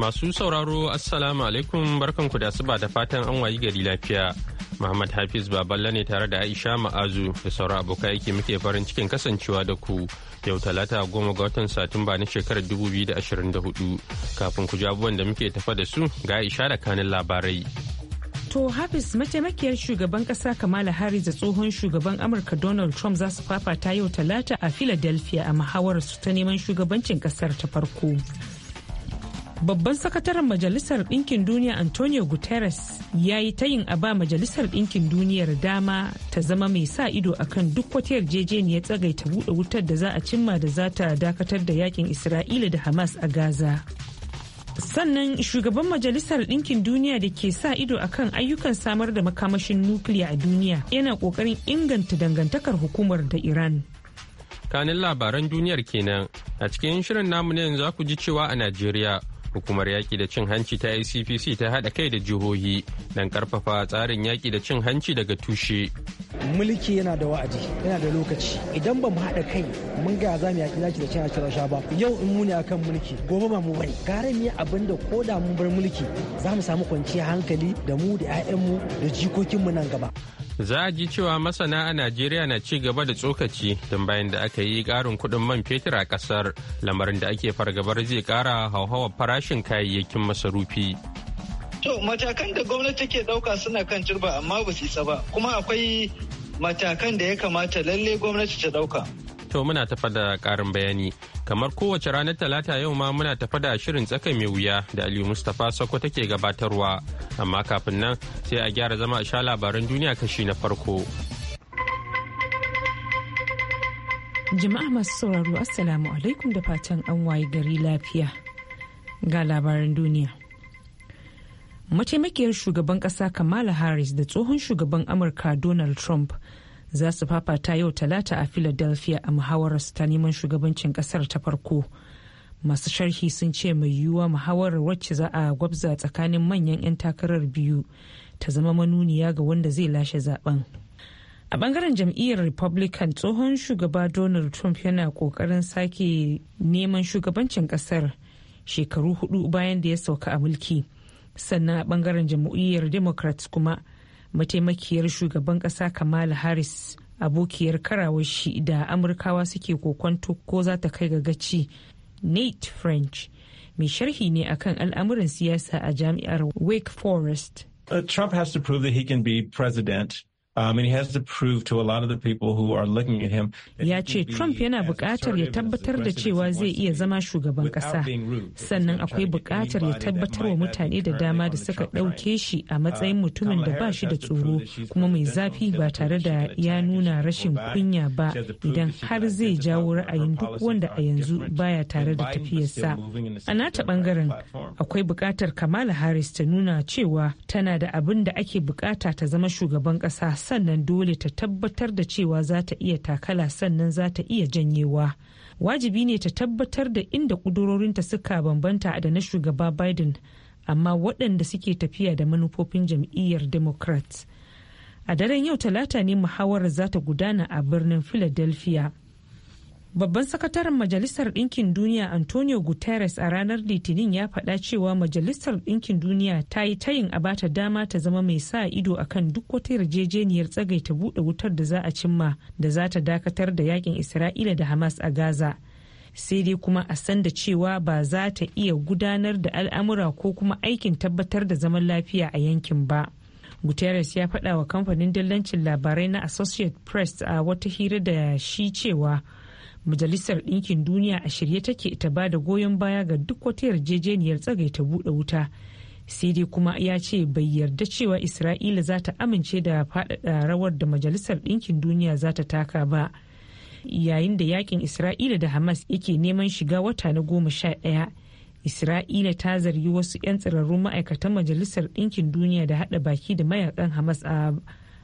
Masu sauraro Assalamu alaikum barkanku da su ba da fatan an wayi gari lafiya. Muhammad Hafiz Baballa ne tare da Aisha Ma'azu da sauran abokai yake muke farin cikin kasancewa da ku yau talata goma ga watan Satumba na shekarar 2024 kafin ku jabu da muke tafa da su ga Aisha da kanin labarai. To Hafiz mataimakiyar shugaban kasa Kamala Harris da tsohon shugaban Amurka Donald Trump za su fafata yau talata a Philadelphia a mahawarar su ta neman shugabancin kasar ta farko. Babban sakataren Majalisar dinkin Duniya Antonio Guterres ya yi tayin a ba Majalisar dinkin Duniyar dama ta zama mai sa ido akan duk wata yarjejeniyar ta buɗe wutar da za a cimma da za ta dakatar da yakin Isra'ila da Hamas a Gaza. Sannan shugaban Majalisar dinkin Duniya da ke sa ido akan ayyukan samar da makamashin nukiliya a duniya yana ƙoƙarin inganta dangantakar hukumar da Iran. Kanin labaran duniyar kenan a cikin shirin namu ne yanzu ku ji cewa a Najeriya Hukumar yaƙi da cin hanci ta ICPC ta haɗa kai da jihohi don ƙarfafa tsarin yaƙi da cin hanci daga tushe. Mulki yana da wa'adi, yana da lokaci. Idan ba mu haɗa kai mun ga za mu yaƙi yaƙi da cin hanci rasha ba. Yau in muni akan mulki, gobe ba mu bane. Gara mu yi abin da ko da mun bar mulki za mu samu kwanciyar hankali da mu da 'ya'yanmu da jikokinmu nan gaba. Za a ji cewa masana a Najeriya na ci gaba da tsokaci don bayan da aka yi karin kudin man fetur a kasar lamarin da ake fargabar zai kara hauhawa farashin kayayyakin masarufi. To matakan da gwamnati ke dauka suna kan turba amma ba su isa ba kuma akwai matakan da ya kamata lalle gwamnati ta dauka. To muna tafa da ƙarin bayani. Kamar kowace ranar Talata yau ma muna tafa da shirin tsaka mai wuya da Aliyu Mustapha sako take gabatarwa. Amma kafin nan sai a gyara zama a sha labaran duniya kashi na farko. Jama'a masu sauraro Assalamu alaikum da fatan an waye gari lafiya. Ga labaran duniya. Mataimakiyar shugaban ƙasa Kamala Harris da tsohon shugaban Amurka Donald Trump za su fafata yau talata a philadelphia a muhawarar su ta neman shugabancin kasar ta farko masu sharhi sun ce mai yiwuwa muhawarar wacce za a gwabza tsakanin manyan 'yan takarar biyu ta zama manuniya ga wanda zai lashe zaben a bangaren jam'iyyar republican tsohon shugaba donald trump yana kokarin sake neman shugabancin kasar shekaru hudu bayan da ya sauka a mulki sannan a bangaren jam'iyyar democrats kuma mataimakiyar shugaban kasa kamala harris abokiyar karawar shi da amurkawa suke kokonto ko za ta kai ga gaci nate french mai sharhi ne akan al'amuran siyasa a jami'ar wake forest Uh, Trump has to prove that he can be president Ya ce Trump yana buƙatar ya tabbatar da cewa zai iya zama shugaban ƙasa. Sannan akwai buƙatar ya tabbatar wa mutane da dama da suka ɗauke shi a matsayin uh, mutumin da ba shi da tsoro kuma mai zafi ba tare da ya nuna rashin kunya ba idan har zai jawo ra'ayin duk wanda a yanzu baya tare da tafiyarsa. A nata ɓangaren akwai buƙatar Kamala Harris ta nuna cewa tana da abin da ake buƙata ta zama shugaban ƙasa sannan dole ta tabbatar da cewa za ta iya takala sannan za ta iya janyewa wajibi ne ta tabbatar da inda kudurorinta suka bambanta da na shugaba biden amma waɗanda suke tafiya da manufofin jam'iyyar democrats a daren yau talata ne muhawarar za ta gudana a birnin philadelphia Babban sakataren Majalisar dinkin Duniya Antonio Guterres a ranar Litinin ya faɗa cewa Majalisar dinkin Duniya ta yi tayin a bata dama ta zama mai sa ido a kan duk wata yarjejeniyar tsagai ta buɗe wutar da za a cimma da za ta dakatar da yakin Isra'ila da Hamas a Gaza. Sai dai kuma a san da cewa ba za ta iya gudanar da al'amura ko kuma aikin tabbatar da zaman lafiya a yankin ba. Guterres ya faɗa wa kamfanin dillancin labarai na Associate Press a wata hira da shi cewa majalisar ɗinkin duniya a shirye take ta ba da goyon baya ga duk wata yarjejeniyar ta buɗe wuta sai dai kuma ya ce bai yarda cewa isra'ila za ta amince da faɗaɗa rawar da majalisar ɗinkin duniya za ta taka ba yayin da yakin isra'ila da hamas yake neman shiga wata na goma sha ɗaya isra'ila ta zargi wasu 'yan tsirarrun ma'aikatan majalisar ɗinkin duniya da haɗa baki da mayakan hamas a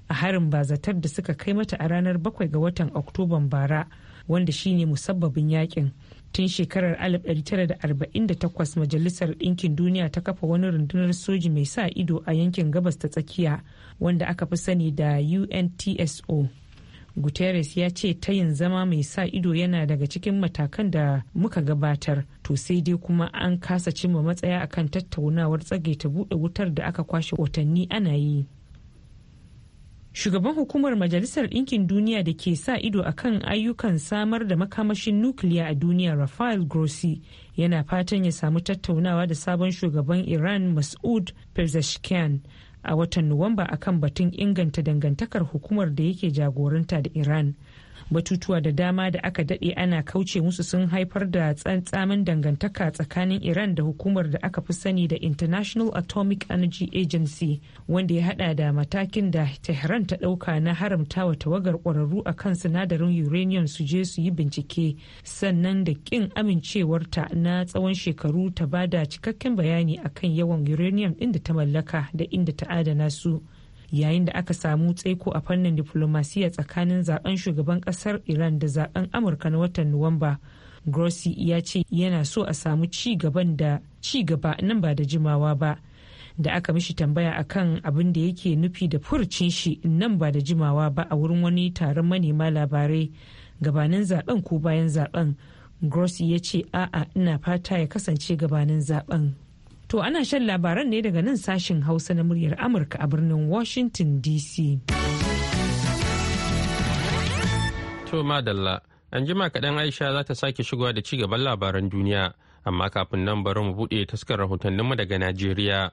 harin bazatar da suka kai mata a ranar 7 ga watan oktoban bara. wanda shine musabbabin yakin tun shekarar 1948 majalisar ɗinkin duniya ta kafa wani rundunar soji mai sa ido a yankin gabas ta tsakiya wanda aka fi sani da untso guterres ya ce ta yin zama mai sa ido yana daga cikin matakan da muka gabatar to sai dai kuma an kasa cimma matsaya akan tattaunawar tsage ta buɗe wutar da aka kwashe watanni ana yi shugaban hukumar majalisar ɗinkin duniya da ke sa ido akan ayyukan samar da makamashin nukiliya a duniya rafael grossi yana fatan ya samu tattaunawa da sabon shugaban iran masud pezeshkian a watan nuwamba akan batun inganta dangantakar hukumar da yake jagoranta da iran batutuwa da dama da aka daɗe ana kauce musu sun haifar da tsantsamin dangantaka tsakanin iran da hukumar da aka fi sani da international atomic energy agency wanda ya hada da matakin da tehran ta ɗauka na haramta wa tawagar ƙwararru a kan sinadarin uranium su je su yi bincike sannan da ƙin amincewarta na tsawon shekaru ta bada cikakken bayani akan yawan uranium inda ta mallaka da inda ta adana su yayin da aka samu tsaiko a fannin diflomasiyya tsakanin zaben shugaban kasar iran da zaben amurka na watan nuwamba grossi ya ce yana so a samu ci gaba nan ba da jimawa ba da aka mishi tambaya a kan abin da yake nufi da furcin shi nan ba da jimawa ba a wurin wani taron manema labarai gabanin zaben ko bayan zaben grossi ya ce a'a ina fata ya kasance gabanin zaben To ana shan labaran ne daga nan sashen Hausa na muryar Amurka a birnin Washington DC. To madalla, an jima kaɗan Aisha za ta sake shigowa da ci gaban labaran duniya, amma kafin nan bari mu buɗe taskar rahotanninmu daga Najeriya.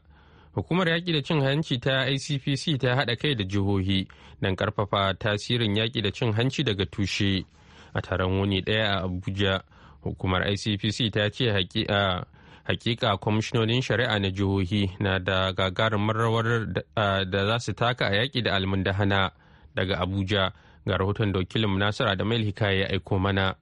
Hukumar yaƙi da cin hanci ta ICPC ta haɗa kai da jihohi don ƙarfafa tasirin yaƙi da cin hanci daga tushe. A taron wuni ɗaya a Abuja, hukumar ICPC ta ce hakika kwamishinolin shari'a na jihohi na da gagarumar rawar da za su taka a yaƙi da almundahana daga abuja ga rahoton da wakilin da mail hikaya ya aiko mana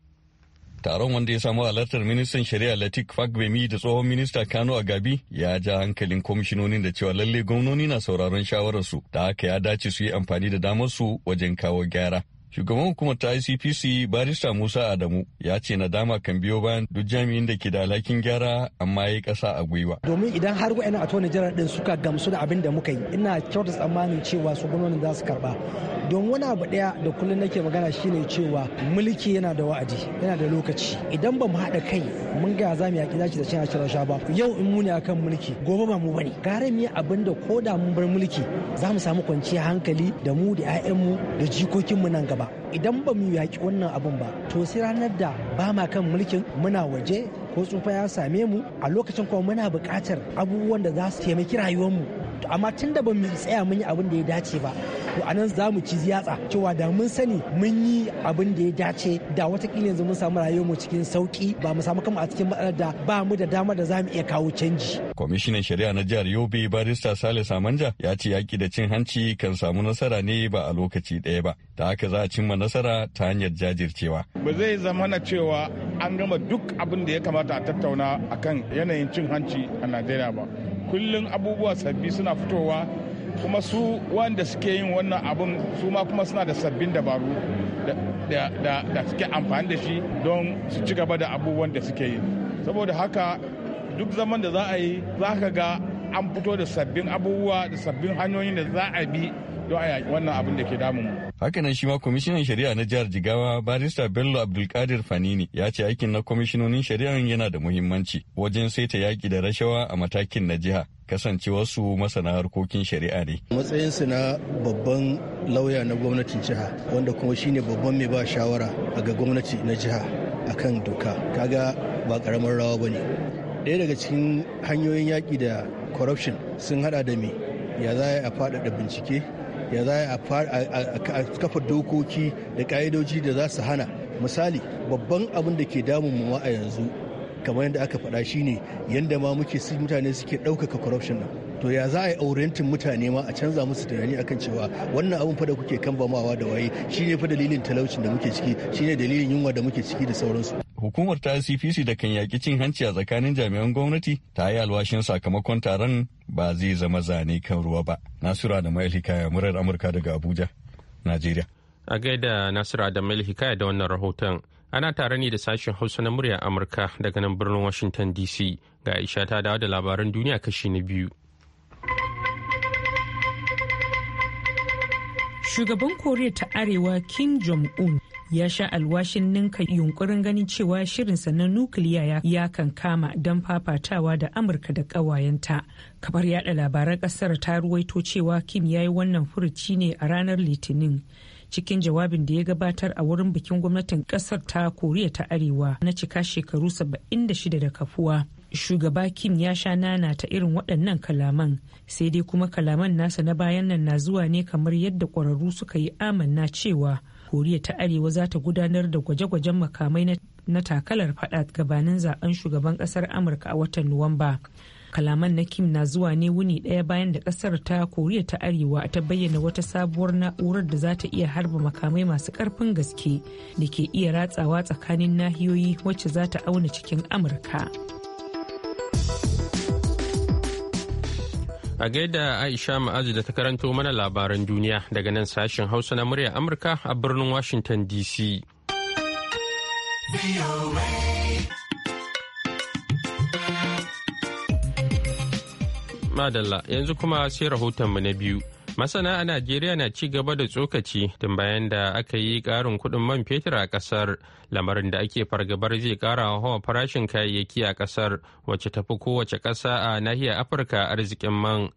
taron wanda ya samu halartar ministan shari'a latik fagbemi da tsohon minista kano a gabi ya ja hankalin kwamishinonin da cewa lalle gwamnoni na sauraron shawararsu da haka ya dace su yi amfani da damarsu wajen kawo gyara Shugaban hukumar ta ICPC barista Musa Adamu ya ce nadama kan biyo bayan duk jami'in da ke da alhakin gyara amma ya yi ƙasa a gwiwa. Domin idan har wa'ina a tona jiran din suka gamsu da abin da muka yi ina kyauta tsammanin cewa su gwamnonin za su karba. Don wani abu daya da kullum nake magana shine cewa mulki yana da wa'adi yana da lokaci. Idan ba mu haɗa kai mun ga za mu yaƙi zaki da cin hashin ba. Yau in muni akan mulki gobe ba mu bane. Gara mu yi abin da ko da mun bar mulki za mu samu kwanciyar hankali da mu da 'ya'yanmu da jikokinmu nan gaba. ba idan ba mu yaƙi wannan abun ba to sai ranar da ba ma kan mulkin muna waje ko tsufa ya same mu a lokacin kuma muna buƙatar abubuwan da za su taimaki rayuwarmu amma tun da ba mu tsaya mun yi abin da ya dace ba to anan za mu ci ziyatsa cewa da mun sani mun yi abin da ya dace da watakila yanzu mun samu rayuwar mu cikin sauki ba mu samu kama a cikin matsalar da ba mu da dama da za mu iya kawo canji. Kwamishinan Shari'a na jihar Yobe barista Sale Samanja ya ce yaki da cin hanci kan samu nasara ne ba a lokaci ɗaya ba. Ta haka za a cimma nasara ta hanyar jajircewa. Ba zai zama na cewa an gama duk abin da ya kamata a tattauna akan yanayin cin hanci a Najeriya ba. Kullum abubuwa sabbi suna fitowa kuma su wanda suke yin wannan abun su ma kuma suna da sabbin dabaru da suke amfani da shi don su ci gaba da abubuwan da suke yi saboda haka duk zaman da za a yi za ka ga an fito da sabbin abubuwa da sabbin hanyoyin da za a bi don a wannan abin da ke damun mu Hakanan shi ma kwamishinan shari'a na jihar Jigawa barista Bello Abdulkadir Fanini ya ce aikin na kwamishinonin shari'a yana da muhimmanci wajen saita yaki da rashawa a matakin na jiha kasance wasu masana harkokin shari'a ne. Matsayinsu na babban lauya na gwamnatin jiha wanda kuma shine babban mai ba shawara ga gwamnati na jiha akan doka kaga ba karamar rawa ba ne. Ɗaya daga cikin hanyoyin yaƙi da corruption sun hada da me ya za a faɗaɗa bincike ya za a kafa dokoki da ƙa'idoji da za su hana misali babban abin da ke damun mu a yanzu kamar yadda aka faɗa shi ne yadda ma muke su mutane suke ɗaukaka corruption nan to ya za a yi aurentin mutane ma a canza musu tunani akan cewa wannan abun fa da kuke kambamawa da waye shi ne fa dalilin talaucin da muke ciki shi ne dalilin yunwa da muke ciki da sauransu hukumar ta CPC da kan yaƙi cin hanci a tsakanin jami'an gwamnati ta yi alwashin sakamakon taron ba zai zama zane kan ruwa ba nasura da mai hikaya murar amurka daga abuja najeriya a gaida nasura da mai hikaya da wannan rahoton Ana tare ne da sashen Hausa na murya Amurka daga nan birnin Washington DC ga Aisha ta dawo da labaran duniya kashi na biyu. Shugaban Koriya ta Arewa Kim Jong-un ya sha alwashin ninka yunkurin ganin cewa shirinsa na nukiliya ya kama don fafatawa da amurka da ƙawayenta kamar yada labaran ƙasar ta ruwaito cewa kim ya yi wannan furuci ne a ranar litinin cikin jawabin da ya gabatar a wurin bikin gwamnatin kasar ta koriya ta arewa na cika shekaru 76 da kafuwa shugaba kim ya sha nana ta irin waɗannan kalaman sai dai kuma kalaman nasa na bayan nan na zuwa ne kamar yadda ƙwararru suka yi amanna cewa koriya ta arewa za ta gudanar da gwaje-gwajen makamai na takalar faɗa gabanin zaben shugaban ƙasar amurka a watan nuwamba kalaman na kim na zuwa ne wuni daya bayan da kasar ta koriya ta arewa ta bayyana wata sabuwar na'urar da za ta iya harba makamai masu karfin gaske da ke iya ratsawa tsakanin nahiyoyi wacce za ta auna cikin amurka a gaida aisha ma'azu da ta karanto mana labaran duniya daga nan sashen hausa na murya amurka a birnin washington dc Madalla yanzu kuma sai rahotonmu na biyu. Masana a Najeriya na ci gaba da tsokaci tun bayan da aka yi karin kuɗin man fetur a ƙasar lamarin da ake fargabar zai ƙara hawa farashin kayayyaki a ƙasar wacce tafi kowace ƙasa a nahiyar Afirka arzikin man.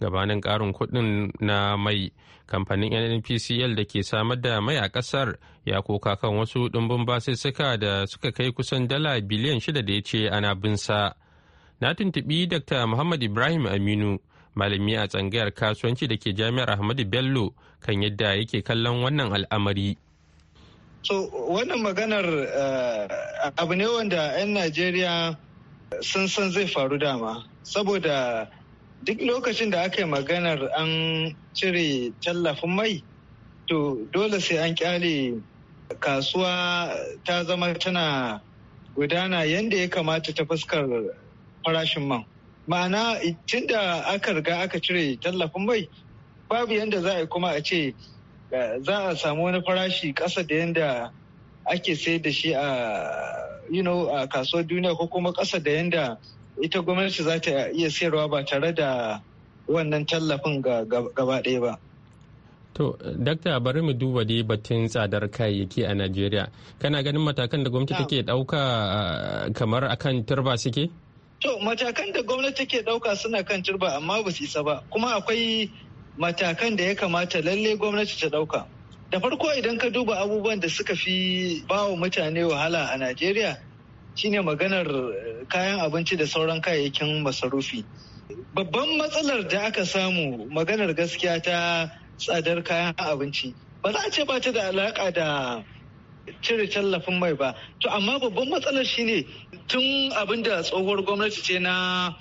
gabanin karin kuɗin na mai kamfanin nnpcl da ke samar da mai a ƙasar ya koka kan wasu ɗumbin basussuka da suka kai kusan dala biliyan shida da ya ce ana binsa. sa na tuntubi dr muhammad ibrahim aminu malami a tsangayar kasuwanci da ke jami'ar ahmadu bello kan yadda yake kallon wannan al'amari so wannan maganar eh, abu ne wanda 'yan najeriya sun san zai faru dama saboda duk lokacin da aka yi maganar an cire tallafin mai to dole sai an kyale kasuwa ta zama tana gudana yadda ya kamata ta fuskar farashin man ma'ana tun da aka riga aka cire tallafin mai babu yadda za a kuma a ce eh, za a samu wani farashi kasa da yadda ake sayar da shi a you know a kasuwar duniya ko kuma kasa da yadda ita gwamnati za ta iya sayarwa ba tare da wannan tallafin gaba ɗaya ba. To, dakta bari mu duba dai batun tsadar kayayyaki a Najeriya. Kana ganin matakan da gwamnati take ɗauka eh, kamar akan turba suke? To matakan da gwamnati ke ɗauka suna kan turba amma ba su isa ba kuma akwai matakan da ya kamata lalle gwamnati ta ɗauka. Da farko idan ka duba abubuwan da suka fi bawa mutane wahala a Najeriya shine maganar eh, kayan abinci da sauran kayayyakin masarufi. Babban matsalar da aka samu maganar gaskiya ta tsadar kayan abinci. Ba za a ce ba ta da alaƙa da cire tallafin mai ba to amma babban matsalar shine tun abin da tsohuwar gwamnati ce na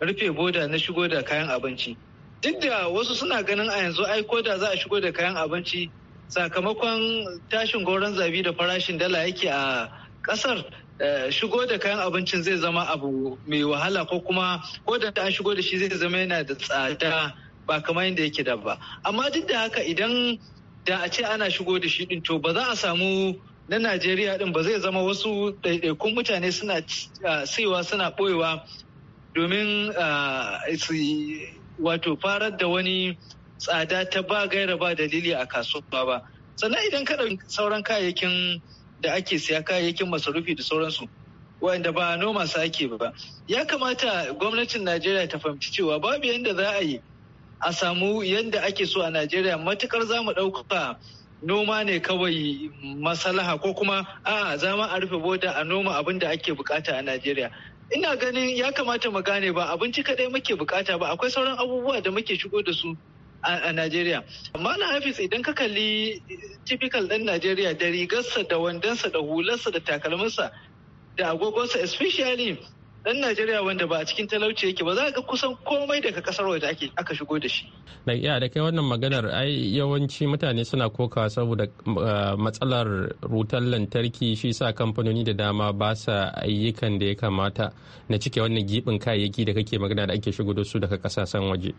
rufe boda na shigo da kayan abinci duk da wasu suna ganin a yanzu ai ko da za a shigo da kayan abinci sakamakon tashin goron zabi da farashin dala yake a kasar eh, shigo da kayan abincin zai zama abu mai wahala ko kuma ko da an shigo da shi zai zama yana da tsada ba kamar yadda yake da ba amma duk da haka idan da a ce ana shigo da shi din to ba za a samu na Najeriya din ba zai zama wasu ɗaiɗaikun mutane suna saiwa suna ɓoyewa domin wato farar da wani tsada ta ba gaira ba dalili a kasuwa ba sannan idan ka sauran kayayyakin da ake siya kayayyakin masarufi da sauransu wanda ba noma su ake ba ya kamata gwamnatin najeriya ta fahimci cewa babu yadda za a yi a samu yadda ake so a najeriya matukar za mu ɗauka noma ne kawai masalaha ko kuma a zama a rufe boda a noma abin da ake bukata a Najeriya. Ina ganin ya kamata mu gane ba abinci kadai muke bukata ba akwai sauran abubuwa da muke shigo da su a Najeriya. Malam Hafiz idan ka kalli typical ɗan Najeriya da rigarsa da wandonsa da hularsa da takalminsa da agogonsa especially dan Najeriya wanda ba a cikin talauci yake ba za ga kusan komai daga kasar waje ake aka shigo da shi. Mai iya da kai wannan maganar ai yawanci mutane suna koka saboda ah, matsalar rutar lantarki shi sa kamfanoni da dama ba sa ayyukan da ya kamata na cike wannan gibin kayayyaki da kake magana da ake shigo da su daga kasashen waje.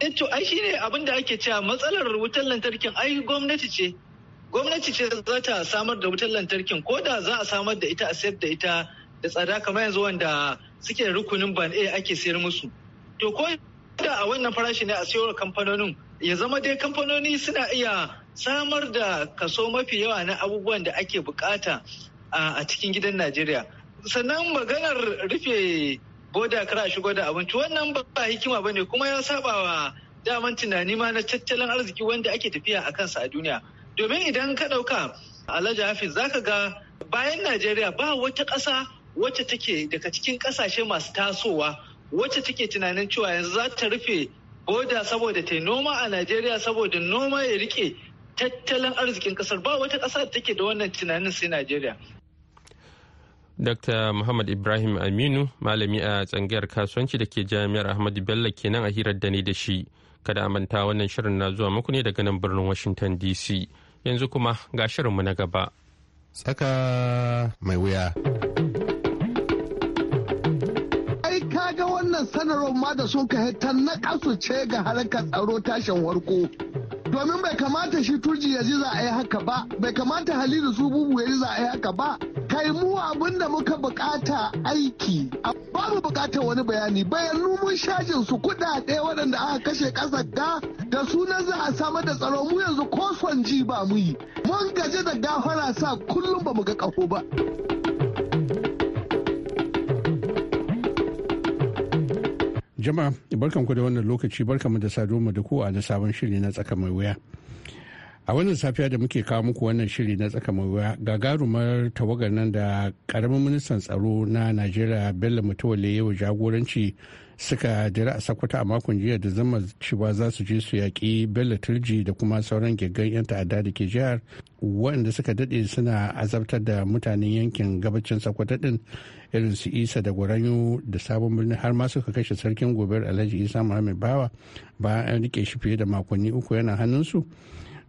Eh, to ai shi abin da ake cewa matsalar wutar lantarkin ai gwamnati ce gwamnati ce za ta samar da wutar lantarki ko da za a samar da ita a sayar da ita da tsada kamar yanzu wanda suke da rukunin ban A ake sayar musu. To ko da a wannan farashi ne a sayar kamfanonin ya zama dai kamfanoni suna iya samar da kaso mafi yawa na abubuwan da ake bukata a cikin gidan Najeriya. Sannan maganar rufe boda kara shigo da abinci wannan ba hikima ba ne kuma ya saba wa daman tunani ma na tattalin arziki wanda ake tafiya a kansa a duniya. Domin idan ka ɗauka Alhaji Hafiz zaka ga bayan Najeriya ba wata ƙasa wacce take daga cikin kasashe masu tasowa wacce take tunanin cewa yanzu za ta rufe boda saboda ta noma a najeriya saboda noma ya rike tattalin arzikin kasar ba wata kasa da take da wannan tunanin sai najeriya Dr. Muhammad Ibrahim Aminu, malami a tsangayar kasuwanci da ke jami'ar Ahmadu Bello kenan a hirar da ne da shi. Kada manta wannan shirin na zuwa muku ne daga nan birnin Washington DC. Yanzu kuma ga shirinmu na gaba. Saka mai wuya. wannan sanarwar ma da sun kai ta ce ga harkar tsaro tashin warko domin bai kamata shi turji ya ji za a yi haka ba bai kamata halilu su bubu ya ji za a yi haka ba kai mu abin da muka bukata aiki babu bukatar wani bayani bayanu mun shajin su kudade waɗanda aka kashe ƙasar ga da sunan za a samar da tsaro mu yanzu ko son ji ba mu yi mun gaje da gafara sa kullum ba mu ga ƙaho ba. Jama'a barkanku da wannan lokaci barkanmu da saduwa da ku a na sabon shiri na tsaka mai wuya. a wannan safiya da muke kawo muku wannan shiri na tsaka mai gagarumar tawagar nan da karamin ministan tsaro na najeriya bello mutuwale yau jagoranci suka dira a sakwata a makon jiya da zama cewa za su je su yaƙi bello turji da kuma sauran gaggan 'yan ta'adda da ke jihar waɗanda suka daɗe suna azabtar da mutanen yankin gabacin sakwata ɗin irin su isa da gwaranyo da sabon birni har ma suka kashe sarkin gobe alhaji isa muhammad bawa bayan an rike shi fiye da makonni uku yana hannunsu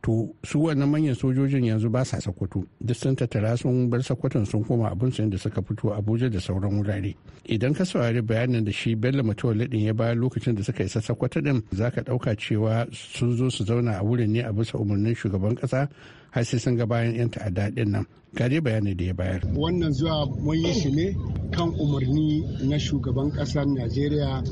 to su wannan manyan sojojin yanzu ba sa sakwato duk sun tattara sun bar sakwaton sun koma abin su da suka fito abuja da sauran wurare idan ka saurari bayanin da shi bello mutuwar ladin ya bayar lokacin da suka isa sakwato din za ka ɗauka cewa sun zo su zauna a wurin ne a bisa umarnin shugaban ƙasa har sai sun ga bayan 'yan ta'adda din nan gare bayani da ya bayar wannan zuwa mun yi shi ne kan umarni na shugaban ƙasar najeriya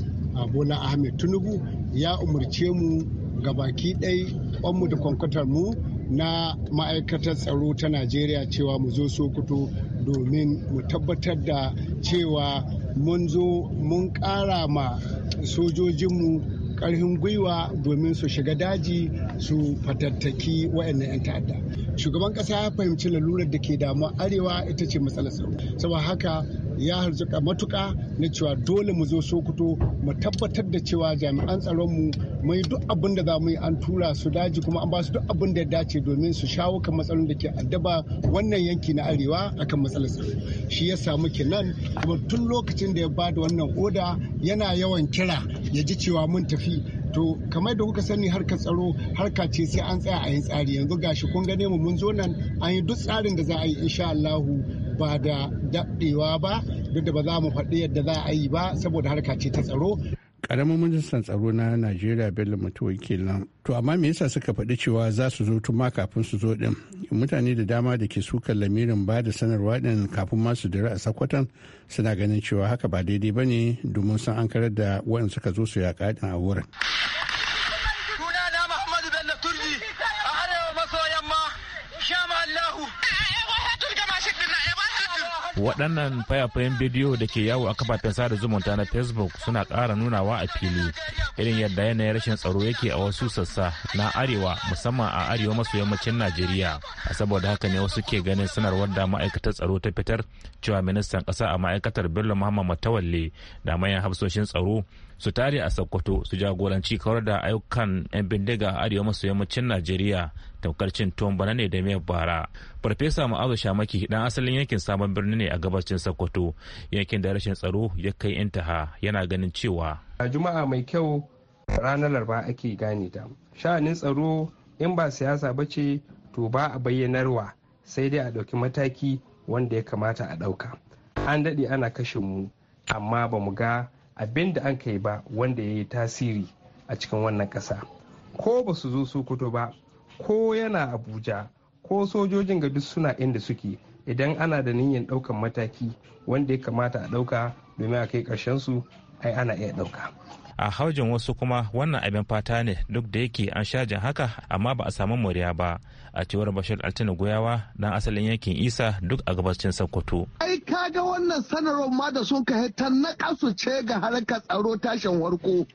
bola ahmed tinubu ya umarce mu gabaki ɗai ƙwanmu da kwankwatar mu na ma'aikatar tsaro ta najeriya cewa mu zo sokoto domin mu tabbatar da cewa mun zo mun ƙara ma sojojinmu ƙarfin gwiwa domin su shiga daji su fatattaki waɗannan 'yan ta'adda shugaban ƙasa ya fahimci lalurar da ke damuwa arewa ita ce matsalar tsaro saboda haka ya harzuka matuka na cewa dole mu zo sokoto mu tabbatar da cewa jami'an tsaronmu mu yi duk abin da za mu yi an tura su daji kuma an ba su duk abin da ya dace domin su shawo kan matsalolin da ke addaba wannan yanki na arewa akan matsalar tsaro shi ya samu kenan kuma tun lokacin da ya ba da wannan oda yana yawan kira ya ji cewa mun tafi to kamar da kuka sani harkar tsaro harka ce sai an tsaya a yin tsari yanzu gashi kun gane mu mun zo nan an yi duk tsarin da za a yi insha Allahu ba da daɗewa ba duk da ba za mu faɗi yadda za a yi ba saboda harka ce ta tsaro karamin ministan tsaro na najeriya bello mutuwa kenan to amma me yasa suka faɗi cewa za su zo tuma kafin su zo ɗin? mutane da dama da ke sukan lamirin ba da sanarwa ɗin kafin ma su dira a sakwatan suna ganin cewa haka ba daidai ba ne domin san an karar da waɗanda suka zo su yaƙa ɗin a wurin waɗannan fayafayen bidiyo da ke yawo a kafafen sada zumunta na facebook suna ƙara nunawa a fili irin yadda yanayin rashin tsaro yake a wasu sassa na arewa musamman a arewa maso yammacin najeriya a saboda haka ne wasu ke ganin sanarwar da ma'aikatar tsaro ta fitar cewa ministan ƙasa a ma'aikatar bello muhammad matawalle da manyan hafsoshin tsaro su tare a sokoto su jagoranci kawar da ayyukan 'yan bindiga a arewa maso yammacin najeriya tamkar cin tuwon bana ne da miyar bara farfesa ma'azu shamaki dan asalin yankin sabon birni ne a gabacin sokoto yankin da rashin tsaro ya kai intaha yana ganin cewa a juma'a mai kyau ranar laraba ake gane ta sha'anin tsaro in ba siyasa ba ce to ba a bayyanarwa sai dai a ɗauki mataki wanda ya kamata a ɗauka an daɗe ana kashe mu amma ba mu ga abin da an kai ba wanda ya yi tasiri a cikin wannan ƙasa ko ba su zo sokoto ba ko yana abuja ko sojojin ga duk suna inda suke idan ana da niyyar ɗaukan mataki wanda ya kamata a ɗauka domin a kai ƙarshen su ai ana iya ɗauka a haujin wasu kuma wannan abin fata ne duk da yake an shajin haka amma ba a samu moriya ba a cewar bashir altina goyawa dan asalin yankin isa duk a gabashin sokoto ai kaga wannan sanarwar ma da sun kai ta na kasu ce ga harkar tsaro tashin warko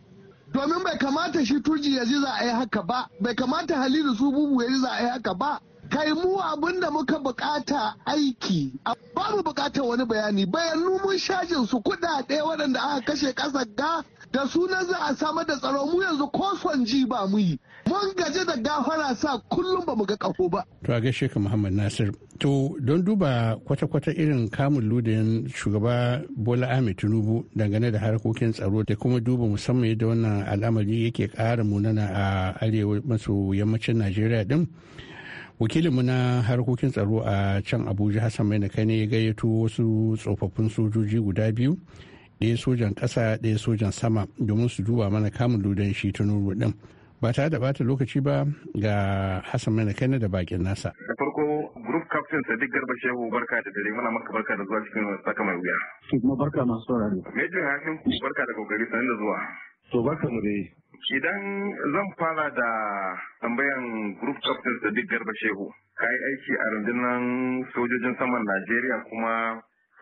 domin bai kamata shi turji ya ji za a yi haka ba bai kamata halilu su bubu ya ji za a yi haka ba kai mu abin da muka bukata aiki babu bukatar wani bayani bayanu mun shajin su kudade waɗanda aka kashe ƙasa ga da sunan za a samar da tsaro mu yanzu ko son ji ba mu yi mun gaje da gafara sa kullum ba mu ga kafo ba to a gaishe ka muhammad nasir to don duba kwata-kwata irin kamun ludin shugaba bola ahmed tinubu dangane da harkokin tsaro da kuma duba musamman yadda wannan al'amari yake ƙara munana a arewa maso yammacin najeriya din wakilinmu na harkokin tsaro a can abuja hassan mai kai ne ya gayyato wasu tsofaffin sojoji guda biyu ɗaya sojan ƙasa ɗaya sojan sama domin su duba mana kamun ludan shi tunuru ɗin ba tare da bata lokaci ba ga hassan mai kai da bakin nasa da farko group captain sadiq garba shehu barka da dare muna maka barka da zuwa cikin saka mai wuya kuma barka masu sauraro major hakim barka da kokari sanin da zuwa to barka mu dai Idan zan fara da tambayan Group Captain Sadiq Garba Shehu, ka yi aiki a rundunar sojojin saman Najeriya kuma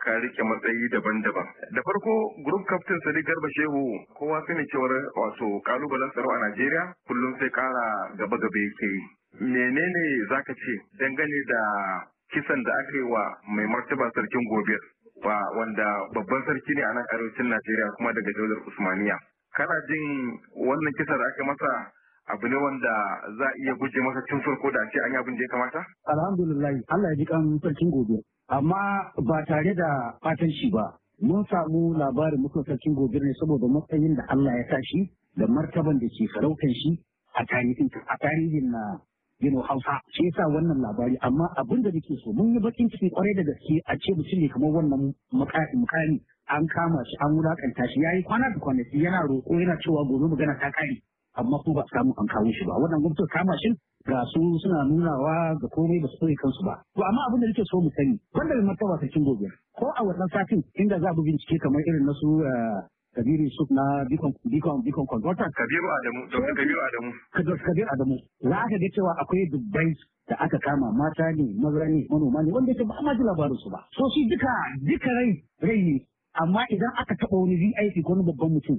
ka rike matsayi daban-daban. Da farko, Group Captain Sadiq Garba Shehu kowa ne cewar wato kalubalen tsaro a Najeriya kullum sai kara gaba-gaba yake yi. Menene zaka ce dangane da kisan da aka yi wa mai martaba sarkin gobe wanda babban sarki ne a nan arewacin Najeriya kuma daga daular Usmaniya. kana jin wannan kisa da aka masa abu ne wanda za a iya guje masa tun farko da ce an yi abin da ya kamata? Alhamdulillah Allah ya ji kan sarkin gobe. Amma ba tare da fatan shi ba. Mun samu labarin musu sarkin gobe ne saboda matsayin da Allah ya sa shi da martaban da ke farautan shi a tarihin a tarihin na Yino Hausa shi yasa wannan labari amma abin da nake so mun yi bakin ciki kwarai da gaske a ce mutum ne kamar wannan mukami an kama shi an wulakanta shi yayi kwana da kwanaki yana roƙo yana cewa gobe magana ta kare amma ko ba samu an kawo shi ba wannan gwamnati kama shi ga su suna nunawa ga komai ba su soye kansu ba to amma abin da nake so mu sani wanda mai martaba sarkin gobe ko a wannan satin inda za mu bincike kamar irin na su eh, Kabiru Yusuf na Bikon Bikon Bikon Kabiru Adamu, Dr. Kabiru Adamu. Kabiru Adamu. Za ka ga cewa akwai dubbai da aka kama mata ne, maza ne, manoma ne, wanda ke ba ma ji labarinsu ba. So shi duka duka rai rai ne. amma idan aka taɓa wani VIP ko wani babban mutum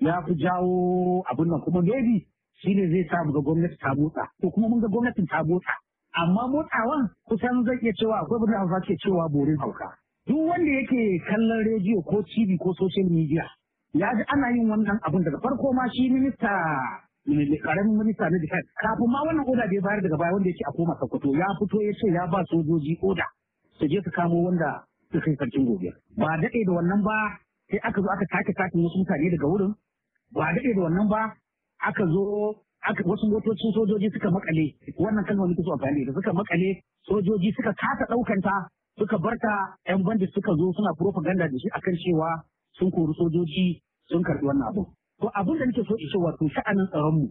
ya fi jawo abin nan kuma maybe shi ne zai samu ga gwamnati ta motsa to kuma mun ga gwamnatin ta motsa amma motsawan kusan zai iya cewa akwai abin da hausa ke cewa borin hauka duk wanda yake kallon rediyo ko tv ko social media ya ji ana yin wannan abin daga farko ma shi minista karamin minista na defense kafin ma wannan oda da ya bayar daga baya wanda yake a koma sokoto ya fito ya ce ya ba sojoji oda su je su kamo wanda suka sarkin gobe ba daɗe da wannan ba sai aka zo aka take sake wasu mutane daga wurin ba daɗe da wannan ba aka zo wasu motocin sojoji suka makale wannan kalmar muke so a da suka makale sojoji suka kasa ɗaukanta suka barta yan bandit suka zo suna propaganda da shi akan cewa sun kori sojoji sun karɓi wannan abu to abin da nake so in ce wato sha'anin tsaronmu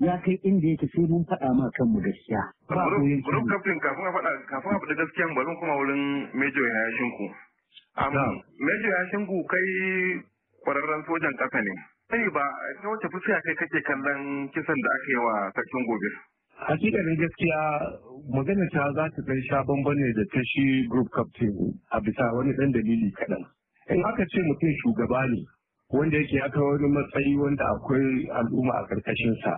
ya kai inda yake sai mun faɗa ma kanmu gaskiya. Group captain kafin a faɗa kafin a faɗa gaskiya bari kuma wurin Mejo Yashinku. yashin ku kai kwararren sojan ƙasa ne. Sai ba ta wace fuska kai kake kallon kisan da aka yi wa sarkin gobe. ne gaskiya magana ta za ta kai sha bambane da ta shi group captain a bisa wani ɗan dalili kaɗan. In aka ce mutum shugaba ne wanda yake aka wani matsayi wanda akwai al'umma a ƙarƙashinsa.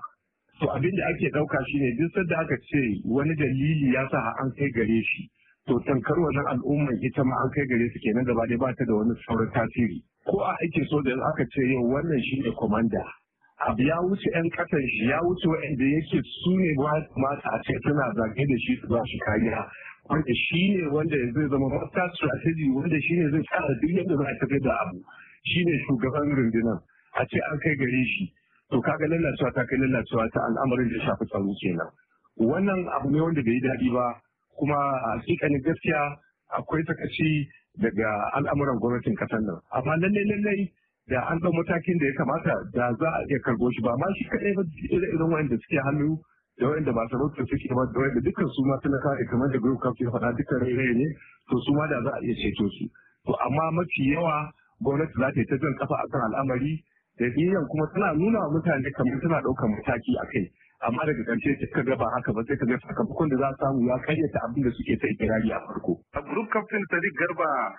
to abin da ake ɗauka shine duk sanda aka ce wani dalili ya sa an kai gare shi to tankar wannan al'ummar ita ma an kai gare su kenan gaba ɗaya ba ta da wani sauran tasiri ko a aikin soja aka ce yau wannan shine komanda abu ya wuce 'yan kasan shi ya wuce wa'anda yake su ne ba a ce suna zage da shi su ba shi kariya wanda shi ne wanda zai zama masta strategy wanda shi ne zai tsara duk yadda za a tafi da abu shi ne shugaban rundunar a ce an kai gare shi to kaga lallacewa ta kai lallacewa ta al'amarin da shafi tsaro kenan wannan abu ne wanda bai yi daɗi ba kuma a tsikanin gaskiya akwai takaci daga al'amuran gwamnatin kasar nan amma lallai lallai da an ɗau matakin da ya kamata da za a iya karɓo shi ba ma shi kaɗai ba irin wanda suke hannu da wanda ba sarautar suke ba da wanda dukkan su ma kawai kamar da group kafin faɗa dukkan rai ne to su ma da za a iya ceto su to amma mafi yawa gwamnati za ta yi ta jan kafa akan al'amari jam'iyyar kuma tana nuna wa mutane kamar suna ɗaukar mataki a kai amma daga ƙarshe ka ga ba haka ba sai ka ga sakamakon da za samu ya karyata abin da suke ta ikirari a farko. a group captain sadiq garba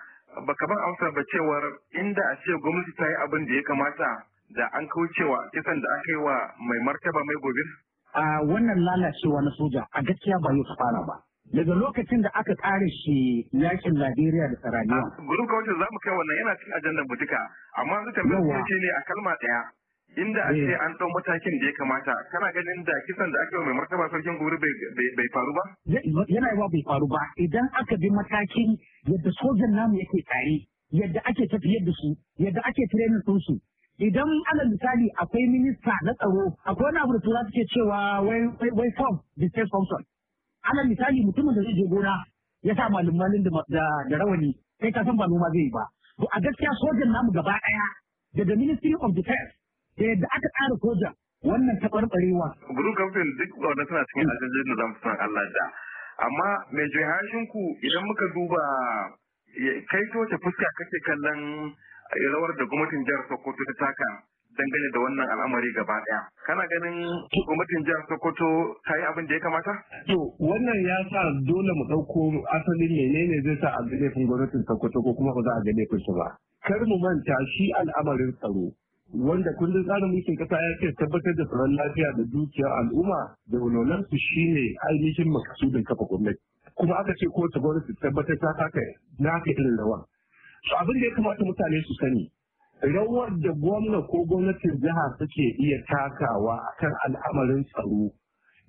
ba kaman amsa ba cewar inda a ce gwamnati ta yi abin da ya kamata da an kaucewa kisan da aka yi wa mai martaba mai gobe. a wannan lalacewa na soja a gaskiya ba yau fara ba daga lokacin da aka kare shi yakin Najeriya da Saraniya. Ah, Gudun kawancin za mu kai wannan yana cikin ajandar mu duka amma yanzu tambayar ce ne a kalma ɗaya. Inda a ce eh. an ɗau matakin da ya kamata kana ganin da kisan da aka yi mai martaba sarkin gori bai faru ba? Yana wa bai faru ba idan aka bi matakin yadda sojan namu yake tsari, yadda ake tafiyar da su yadda ake training sunsu, idan ana misali akwai minista na tsaro akwai wani abu da tura suke cewa wai form defense function ana misali mutumin da zai je gona ya sa malin da rawani sai ka san ba noma zai yi ba to a gaskiya sojan namu gaba daya daga ministry of defense da yadda aka tsara soja wannan taɓarɓarewa. Guru kamfen duk wanda tana cikin ajajin da zamu san Allah da. Amma mai jihashin ku idan muka duba kai ta wace fuska kake kallon rawar da gwamnatin jihar Sokoto ta taka dangane da wannan al'amari gaba daya kana ganin gwamnatin jihar sokoto ta yi abin da ya kamata to wannan ya sa dole mu ɗauko asalin menene zai sa a gane laifin gwamnatin sokoto ko kuma ba za a gane laifin shi ba kar mu manta shi al'amarin tsaro wanda kundin tsarin mulkin kasa ya ce tabbatar da tsaron lafiya da dukiyar al'umma da walwalar su shine ainihin makasudin kafa gwamnati kuma aka ce kowace gwamnati tabbatar ta na haka irin rawa to abin da ya kamata mutane su sani rawar da gwamna ko gwamnatin jiha suke iya takawa akan al'amarin tsaro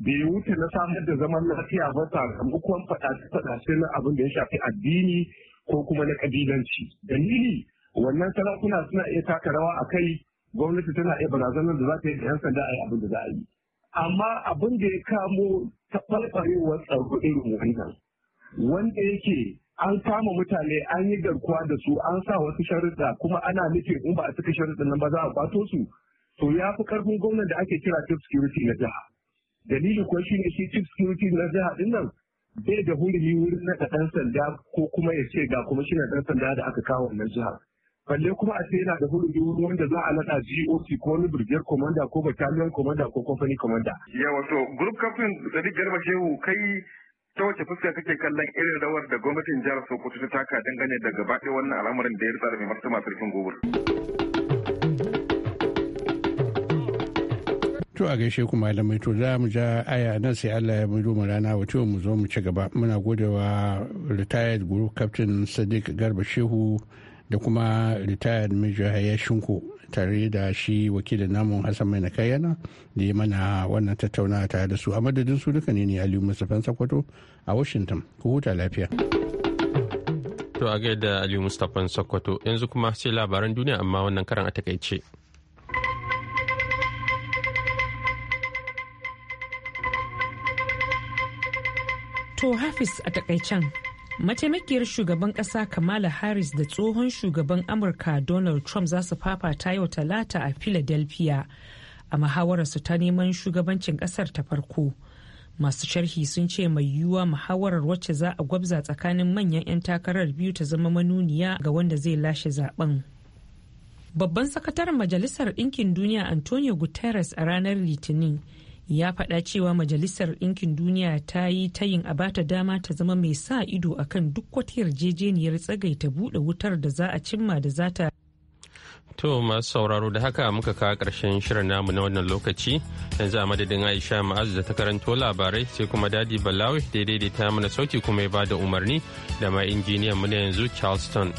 bai wuce na samar da zaman lafiya ba sakamakon faɗace-faɗace na abin da ya shafi addini ko kuma na ƙabilanci. Dalili wannan sarakuna suna iya taka rawa a kai gwamnati tana iya barazanar da za ta yi da 'yan sanda a yi abin da za a yi. Amma abin da ya kamo taɓarɓarewar tsaro irin wannan wanda yake an kama mutane an yi garkuwa da su an sa wasu sharuɗa kuma ana nufin in ba a cika sharuɗan nan ba za a kwato su to ya fi karfin gwamnan da ake kira chief security na jiha dalilin kuwa ne shi chief security na jiha din nan bai da hurumi wurin naɗa ɗan sanda ko kuma ya ce ga kuma shi ɗan sanda da aka kawo wannan jihar balle kuma a ce yana da hurumi wurin wanda za a naɗa GOC ko wani brigade commander ko battalion commander ko company commander. yawa to group captain duk Garba Shehu kai ta wace fuska kake kallon irin rawar da gwamnatin jihar sokoto ta taka dangane da gaba ɗaya wannan al'amarin da ya rutsa da mai martaba sarkin gobir to a gaishe ku malamai to za mu ja aya nan sai Allah ya budo mu rana wato mu zo mu ci gaba muna godewa retired group captain Sadiq Garba Shehu da kuma retired Major Hayya tare da shi wakilin namun hassan mai nakayana da ya mana wannan tattaunawa tare da su a madadin su duka ne ne aliyu mustapha sakwato a washington ku huta lafiya to a gaida aliyu mustapha sakwato yanzu kuma sai labaran duniya amma wannan karan a takaice to hafis a takaicen mataimakiyar shugaban kasa kamala harris da tsohon shugaban amurka donald trump za su fafata yau talata a philadelphia a muhawararsu ta neman shugabancin kasar ta farko masu sharhi sun ce mai yiwuwa muhawarar wacce za a gwabza tsakanin manyan 'yan takarar biyu ta zama manuniya ga wanda zai lashe zaben babban sakataren majalisar ɗinkin duniya antonio guterres a ranar litinin ya faɗa cewa majalisar ɗinkin duniya ta yi tayin a bata dama ta zama mai sa ido akan duk wata yarjejeniyar ta buɗe wutar da za a cimma da za ta To masu sauraro da haka muka kawo karshen shirin namu na wannan lokaci yanzu a madadin Aisha Ma'azu da ta karanto labarai sai kuma Dadi Balawi daidai da ta mana sauki kuma ya ba da umarni da ma injiniyan mu na yanzu Charleston.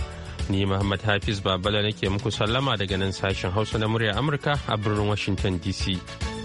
Ni Muhammad Hafiz Babala nake muku sallama daga nan sashen Hausa na murya Amurka a birnin Washington DC.